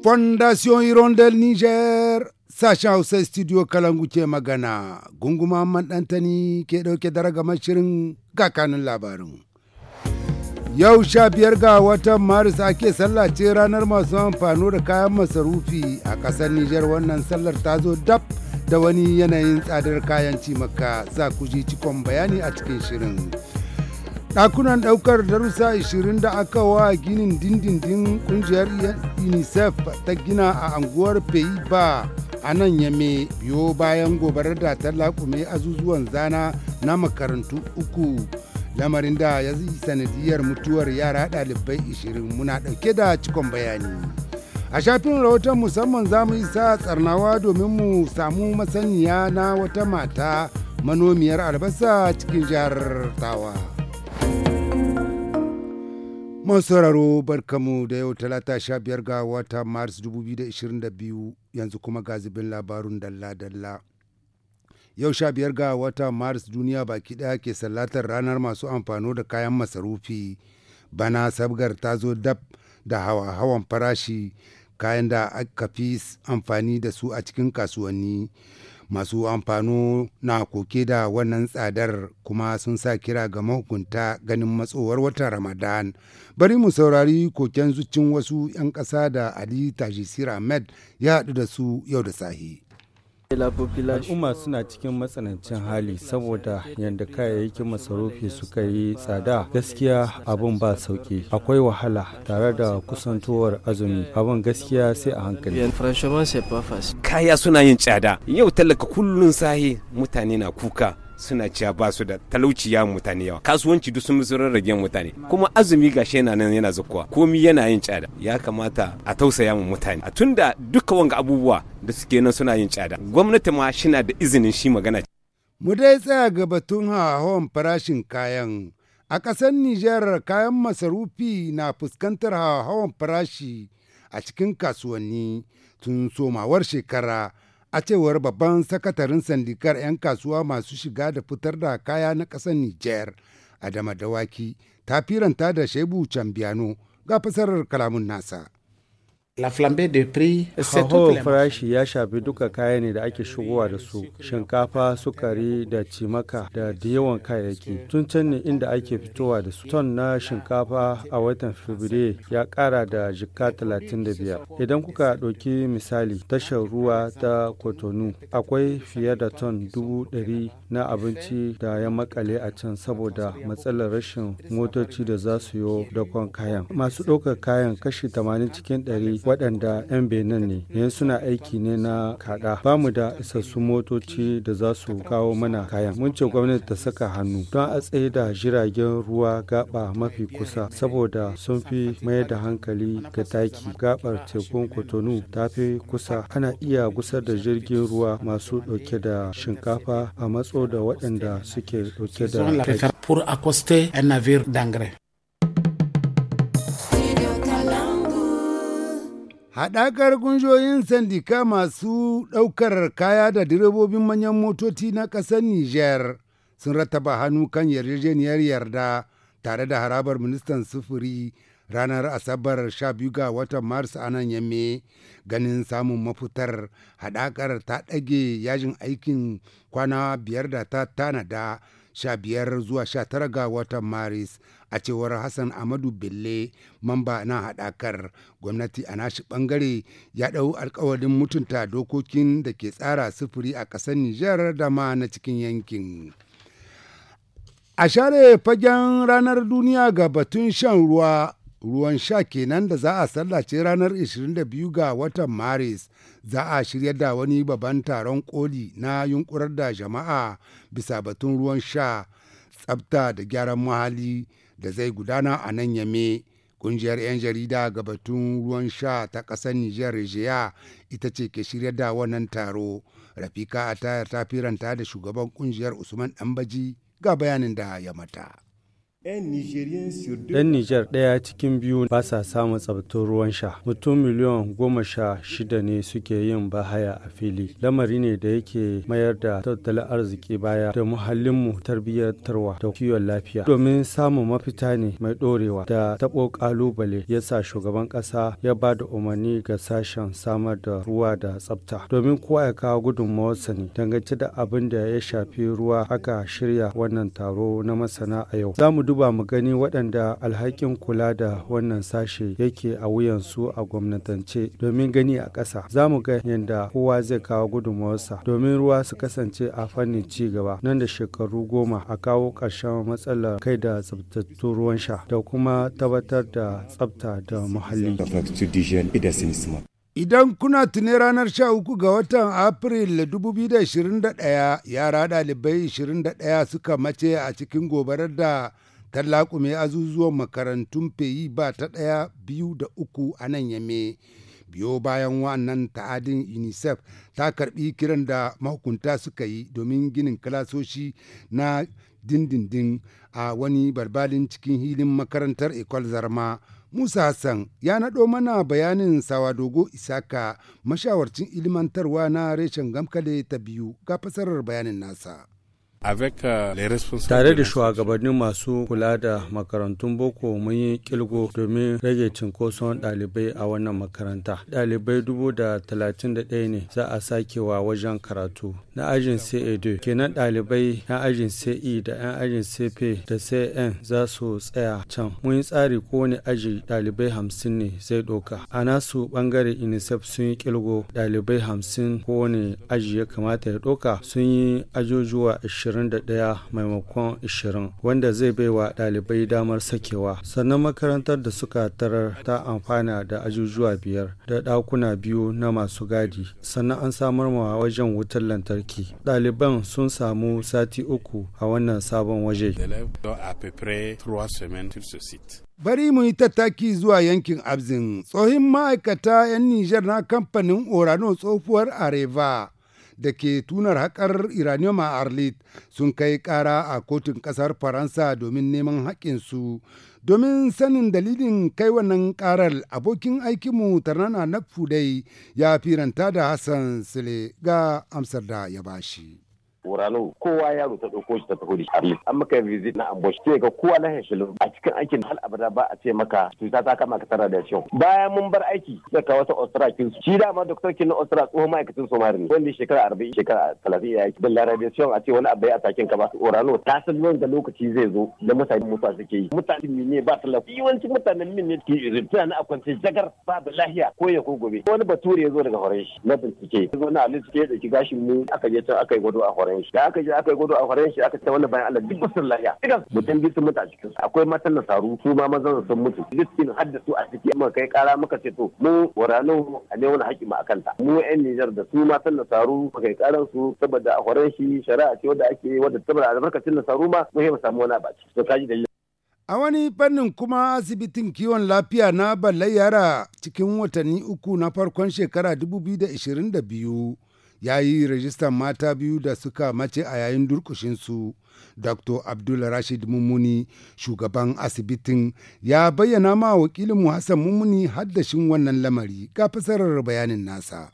Fondation Hirondelle Niger sacha Hausa studio Kalangu ke magana gunguma ɗantani ke ɗauke da ragamar shirin kakanin labarin. Yau sha biyar ga watan Maris ake sallace ranar masu amfano da kayan masarufi a ƙasar Nijar wannan sallar ta zo dab da wani yanayin tsadar kayan cimaka za ku ji cikon bayani a cikin shirin. ɗakunan ɗaukar darussa 20 da aka wa ginin dindindin ƙungiyar unicef ta gina a anguwar peiba a nan yame biyo bayan gobarar da ta lakume azuzuwan zana na makarantu uku lamarin da ya zai sanadiyar mutuwar yara ɗalibai 20 muna ɗauke da cikon bayani a shafin rahoton musamman za mu isa tsarnawa domin mu samu masaniya na wata mata manomiyar albasa cikin jihar tawa. Masu sauraro barkamu da yau talata sha biyar ga wata Mars 2022 yanzu kuma ga zubin labarun dalla-dalla. Yau sha biyar ga wata Mars duniya baki daya ke sallatar ranar masu amfano da kayan masarufi. Bana sabgar ta zo dab da hawa-hawan farashi kayan da aka fi amfani da su a cikin kasuwanni. masu amfano na koke da wannan tsadar kuma sun sa kira ga mahukunta ganin matsowar watan ramadan bari mu saurari koken zuccin wasu 'yan ƙasa da ali tajisir ahmed ya haɗu da su yau da sahi Al'umma suna cikin matsanancin hali saboda yadda kayayyakin masarufi suka yi tsada gaskiya abin ba sauki akwai wahala tare da kusantowar azumi abin gaskiya sai a hankali. Kaya suna yin tsada yau talaka kullun sahi mutane na kuka suna cewa ba su da talauciya mutane yawa kasuwanci duk sun rage mutane kuma azumi gashi yana nan yana zakuwa komi yana yin tsada ya kamata a tausaya mu mutane a tunda duka wanga abubuwa da suke nan suna yin tsada gwamnati ma shina da izinin shi magana mu dai tsaya ga batun hawan farashin kayan a ƙasar Nijar kayan masarufi na fuskantar hawan farashi a cikin kasuwanni tun somawar shekara a cewar babban sakatarin sandikar 'yan kasuwa masu shiga da fitar da kaya na ƙasar Nijar, Adama Dawaki, ta firanta da Shebu Cambiano ga fasarar kalamun nasa. La flambe de prix, farashi ya shafi duka kaya ne da ake shigowa da su, shinkafa, sukari da cimaka da da yawan kayayyaki. Tun can ne inda ake fitowa da su. Ton na shinkafa a watan Fabrairu ya kara da jika 35. Idan kuka ɗauki misali tashar ruwa ta Kotonu, akwai fiye da ton dubu na abinci da ya makale a can saboda matsalar rashin motoci da za su yo dakon kayan. Masu ɗaukar kayan kashi 80 cikin 100 waɗanda 'yan benin ne yanzu eh, suna aiki ne na kada. ba mu da isassun motoci da za su kawo mana kayan mun ce gwamnati ta saka hannu don a tsaye da jiragen ruwa gaba mafi kusa saboda sun fi mayar da hankali ga taki gabar tekun kotonu ta fi kusa ana iya gusar da jirgin ruwa masu ɗauke da shinkafa a matso da waɗanda suke ɗauke da pour Haɗakar ƙungiyoyin sandika masu ɗaukar kaya da direbobin manyan motoci na ƙasar Nijar sun rattaba hannu kan yarjejeniyar yarda tare da harabar ministan sufuri ranar Asabar 12 ga watan Maris a nan yamme ganin samun mafutar haɗakar ta ɗage yajin aikin kwana biyar da ta tanada 15 zuwa 19 ga watan maris a cewar hassan amadu bille mamba na haɗakar gwamnati a nashi ɓangare ya ɗau alkawarin mutunta dokokin da ke tsara sufuri a ƙasar nijar da ma na cikin yankin a share fagen ranar duniya ga batun shan ruwa ruwan sha kenan da za a sallace ranar 22 ga watan maris za a shirya da wani babban taron koli na yunkurar da jama'a bisa batun ruwan sha tsabta da gyaran muhalli da zai gudana a nan yame kungiyar 'yan jarida ga batun ruwan sha ta ƙasar nijar rijiya ita ce ke shirya da wannan taro rafika a tayar ta firanta da shugaban kungiyar usman ɗanbaji ga bayanin da ya mata Ɗan Nijar ɗaya cikin biyu ba sa samun tsabtun ruwan sha. Mutum miliyon goma sha shida ne suke yin bahaya a fili. Lamari ne da yake mayar da tattalin arziki baya da muhallinmu tarwa da kiwon lafiya. Domin samun mafita ne mai ɗorewa da taɓo ƙalubale ya sa shugaban ƙasa ya ba da umarni ga sashen samar da ruwa da tsabta. Domin kowa ya kawo gudunmawarsa ne dangance da abin da ya shafi ruwa aka shirya wannan taro na masana a yau. Za duba mu gani waɗanda alhakin kula da wannan sashe yake a wuyansu a gwamnatance domin gani a ƙasa. Za mu ga yadda kowa zai kawo gudunmawarsa domin ruwa su kasance a fannin ci gaba nan da shekaru goma a kawo ƙarshen matsalar kai da tsabtattun ruwan sha da kuma tabbatar da tsabta da muhalli. Idan kuna tuni ranar sha uku ga watan Afril 2021 yara ɗalibai 21 suka mace a cikin gobarar da tallakume azuzuwan makarantun feyi ba ta ɗaya biyu da uku a nan yame biyo bayan wannan ta'adin unicef ta karbi kiran da mahukunta suka yi domin ginin kalasoshi na dindindin a wani barbalin cikin hilin makarantar ecole zarma musa hassan ya naɗo mana bayanin sawadogo isaka mashawarcin ilimantarwa na reshen gamkale ta biyu ga fasarar bayanin nasa Euh, Tare da shugabannin masu kula da makarantun boko mun yi kilgo domin rage cinkoson dalibai a wannan makaranta. dalibai dubu da talatin da ɗaya ne za a sakewa wajen karatu. Na ajin CAD kenan dalibai na ajin CE da 'yan ajin CP da CN za su tsaya can. Mun yi tsari kowane aji dalibai hamsin ne zai ɗauka. A nasu bangare UNICEF sun yi kilgo dalibai hamsin kowane aji ya kamata ya ɗauka sun yi ajujuwa ashirin. 21 maimakon 20 wanda zai baiwa ɗalibai damar sakewa sannan makarantar da suka tarar ta amfana da ajujuwa biyar da ɗakuna biyu na masu gadi sannan an samar ma wajen wutar lantarki ɗaliban sun samu sati uku a wannan sabon waje Bari mu yi tattaki zuwa yankin Abzin, tsohin ma'aikata 'yan Nijar na kamfanin Orano tsohuwar Areva da ke tunar haƙar iranium a arlit sun kai ƙara a kotun ƙasar faransa domin neman haƙƙinsu domin sanin dalilin kai wannan ƙarar abokin aikinmu tarnana na fudai ya firanta da hassan sule ga amsar da ya bashi. Orano kowa ya ta ɗauko shi ta taho da shi an maka visit na ambush sai ga kowa na hashilin a cikin aikin hal abada ba a ce maka cuta ta kama ka tara da shi bayan mun bar aiki sai ka wata ostra kin shi ma doktor kin ostra tsohon ma'aikacin somari wanda shekara arba'in shekara talatin ya yi da radiation a ce wani abu ya takin ka ba Orano ta san wanda lokaci zai zo da mutane mutuwa suke yi mutane min ne ba talafi yawancin mutanen min ne ke irin tunanin a kwance jagar babu lahiya ko ya ko gobe wani bature ya zo daga horon shi na bincike ya zo na alin suke da ki gashin mu aka je can aka yi gwado a horon iyayen shi da aka je aka yi gudu a faran shi aka ce wannan bayan Allah duk basu lafiya idan mutum biyu sun mutu a cikin su akwai matan nasaru su ma mazan sun mutu sun haddasu a ciki amma kai kara muka ce to mu warano a ne wani hakima a kanta mu yan Nijar da su matan nasaru saru kai karan su saboda a faran shi shari'a ce wadda ake wadda saboda albarkacin nasaru ma mu mu samu wani abaci to kaji dalilin A wani fannin kuma asibitin kiwon lafiya na Balle cikin watanni uku na farkon shekara 2022 ya yi rajistan mata biyu da suka mace a yayin durkushinsu dr abdul rashid mummuni shugaban asibitin ya bayyana ma wakilinmu hassan mummuni haddashin wannan lamari ga fasarar bayanin nasa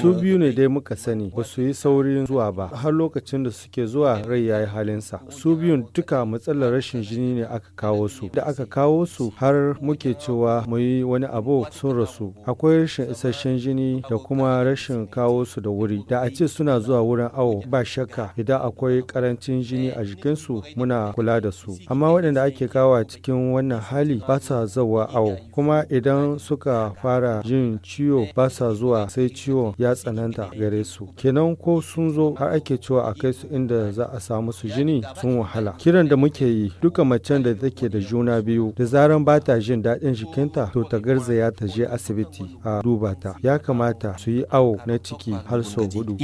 su biyu ne dai muka sani ba su yi saurin zuwa ba har lokacin da suke zuwa rai ya yi halinsa su biyun duka matsalar rashin jini ne aka kawo su da aka kawo su har muke cewa mu yi wani abu sun rasu akwai rashin isasshen jini da kuma rashin kawo su da wuri da a ce suna zuwa wurin awo ba shakka idan akwai karancin jini a jikinsu muna kula da su amma waɗanda ake kawo cikin wannan hali ba sa zawa awo kuma idan suka fara jin ciwo ba sa zuwa sai ciwon ya tsananta gare su kenan ko sun zo har ake cewa a kai su inda za a samu su jini sun wahala kiran da muke yi duka macen da take da juna biyu da zaran ba ta jin daɗin jikinta to ta ya ta je asibiti a duba ta ya kamata su yi awo na ciki har sau hudu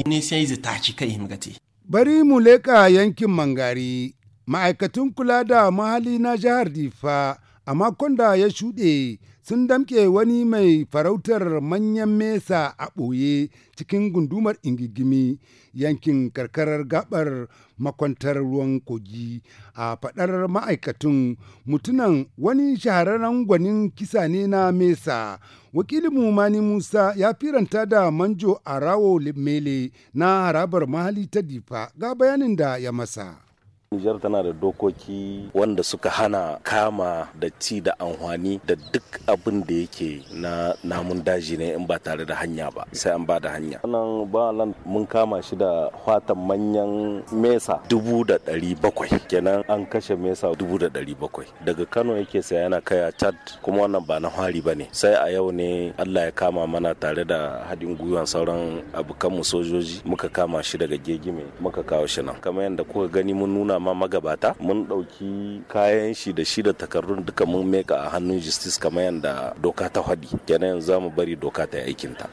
bari mu leƙa yankin mangari ma'aikatun kula da mahali na jihar difa a makon da ya shuɗe sun damke wani mai farautar manyan mesa a ɓoye cikin gundumar ingigimi yankin karkarar gabar makwantar ruwan kogi a faɗar ma'aikatun mutunan wani shahararren gwanin kisa ne na mesa Wakilin mumani musa ya firanta da manjo a rawo mele na harabar mahali ta difa ga bayanin da ya masa Nijar tana da dokoki wanda suka hana kama da ci da amfani da duk abin da yake na namun daji ne in ba tare da hanya ba sai an ba da hanya. Wannan balan mun kama shi da fatan manyan mesa dubu da ɗari bakwai kenan an kashe mesa dubu da ɗari bakwai daga Kano yake sai yana kaya Chad kuma wannan ba na hari ba ne sai a yau ne Allah ya kama mana tare da haɗin gwiwan sauran abokanmu sojoji muka kama shi daga gegime muka kawo shi nan kamar yadda kuka gani mun nuna zama magabata mun ɗauki kayan shi da shi da takardun duka mun meka a hannun justice kamar yadda doka ta haɗi kenan yanzu za mu bari doka ta yi ta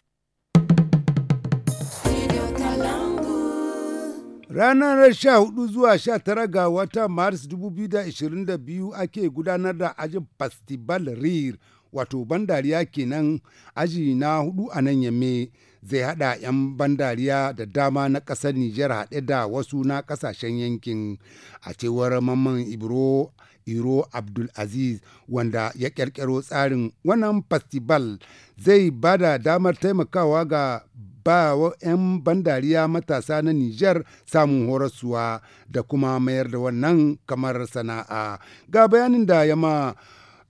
Ranar 14 zuwa 19 ga watan Maris 2022 ake gudanar da ajin Festival Rir wato bandariya kenan aji na hudu a nan yamme zai hada 'yan bandariya da dama na kasar Nijar haɗe da wasu na kasashen yankin a cewar mamman Ibro Iro Abdul Aziz wanda ya ƙirƙiro tsarin wannan festival zai bada damar taimakawa ga ba wa 'yan bandariya matasa na Nijar samun horasuwa da kuma mayar da wannan kamar sana'a. Ga bayanin da ya ma.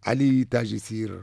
علي تاج يسير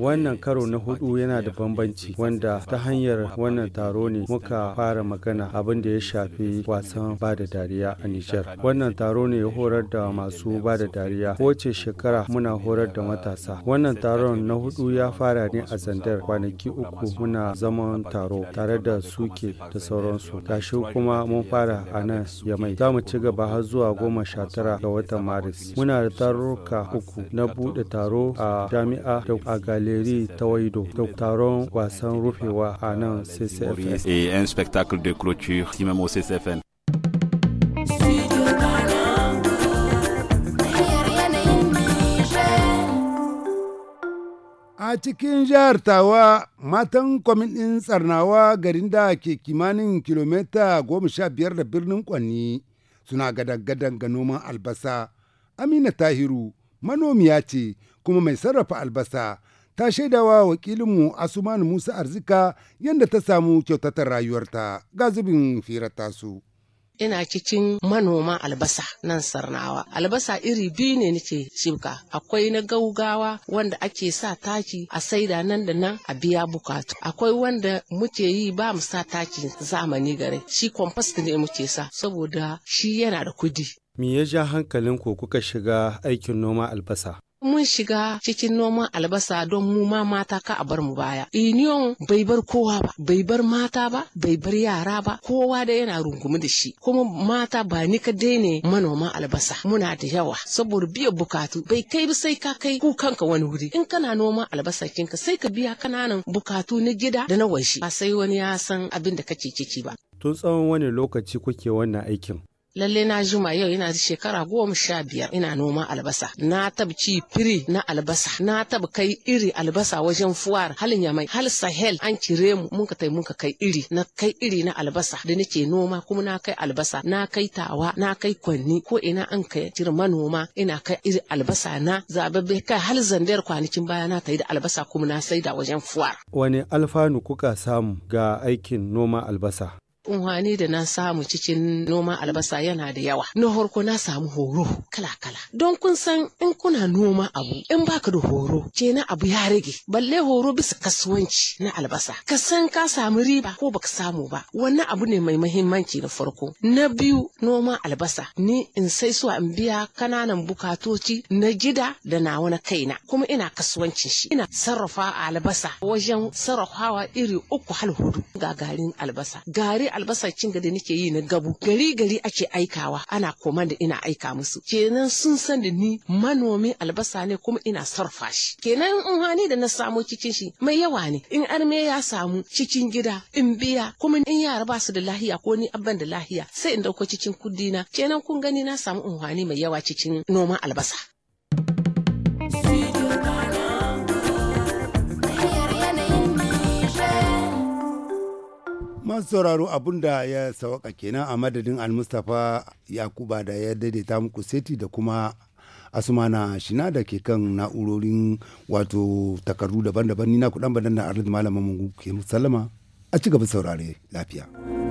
Wannan karo na hudu yana da bambanci wanda ta hanyar wannan taro ne muka fara magana abin da ya shafi wasan ba da dariya a Nijar. Wannan taro ne ya horar da masu ba da dariya. Kowace shekara muna horar da matasa. Wannan taron na hudu ya fara ne a Zandar kwanaki uku muna zaman taro tare da suke da sauransu. Gashi kuma mun fara a nan Yamai. Za mu ci gaba har zuwa goma sha tara ga watan Maris. Muna da tarurruka uku na buɗe taro a jami'a da a galeri ta waido da taron wasan rufewa a nan ccfn a cikin jihar tawa matan kwamitin tsarnawa garin da ke kimanin kilomita goma sha biyar da birnin kwanni suna gadan-gadan ga noman albasa amina tahiru manomiya ce kuma mai sarrafa albasa ta shaidawa wakilinmu Asuman Musa Arzika yadda ta samu kyautatar rayuwarta ga zubin firar tasu. ina cikin manoma albasa nan sarnawa albasa iri biyu ne nake shibka akwai na gaugawa wanda ake sa taki a saida nan da nan a biya bukatu akwai wanda muke yi ba mu sa taki zamani gare shi compost ne muke sa saboda shi yana da kudi Me ya ja hankalin ku kuka shiga aikin noma albasa? mun shiga cikin noman albasa don mu ma mata ka a bar mu baya. Union bai bar kowa ba, bai bar mata ba, bai bar yara ba, kowa da yana rungumi da shi. Kuma mata ba ni ka daina manoman albasa, muna da yawa saboda biyan bukatu bai kai ba sai ka kai kukanka wani wuri. In kana noman albasa kinka sai ka biya kananan bukatu na gida da na waje, ba sai wani ya san abin da kake ciki ba. Tun tsawon wani lokaci kuke wannan aikin? lalle na juma yau ina da shekara goma sha biyar ina noma albasa na tabci firi na albasa na tab kai iri albasa wajen fuwar halin yamai hal sahel an kire mu mun ka tai mun ka kai iri na kai iri na albasa da nake noma kuma na kai albasa na kai tawa na kai kwanni ko ina an kai jira manoma ina kai iri albasa na zababbe kai hal zandar kwanakin baya na tai da albasa kuma na saida wajen fuwar wani alfanu kuka samu ga aikin noma albasa unhani da na samu cikin noman albasa yana da yawa na farko na samu horo kala kala don kun san in kuna noma abu in baka da horo na abu ya rage balle horo bisa kasuwanci na albasa ka san ka samu riba ko baka samu ba wannan abu ne mai mahimmanci na farko na biyu noma albasa ni in sai suwa in biya kananan bukatoci na gida da nawa na kaina kuma ina kasuwancin shi ina sarrafa albasa wajen sarrafawa iri uku hal hudu ga garin albasa gari albasar cinga da nake yi na gabu gari gari ake aikawa ana koma da ina aika musu kenan sun san da ni manomin albasa ne kuma ina sarfa shi kenan in hani da na samu cikin shi mai yawa ne in arme ya samu cikin gida in biya kuma in yara ba su da lahiya ko ni abban da lahiya sai in dauko cikin kudina kenan kun gani na samu unhwani mai yawa cikin noman albasa masu sauraro abun da ya sawaka kenan a madadin almustapha yakuba da ya daidaita muku seti da kuma asumana shina da ke kan na'urorin wato takardu daban-daban ni na kudan badan na arzikin malamin mu ke musallama a ci gaba saurare lafiya.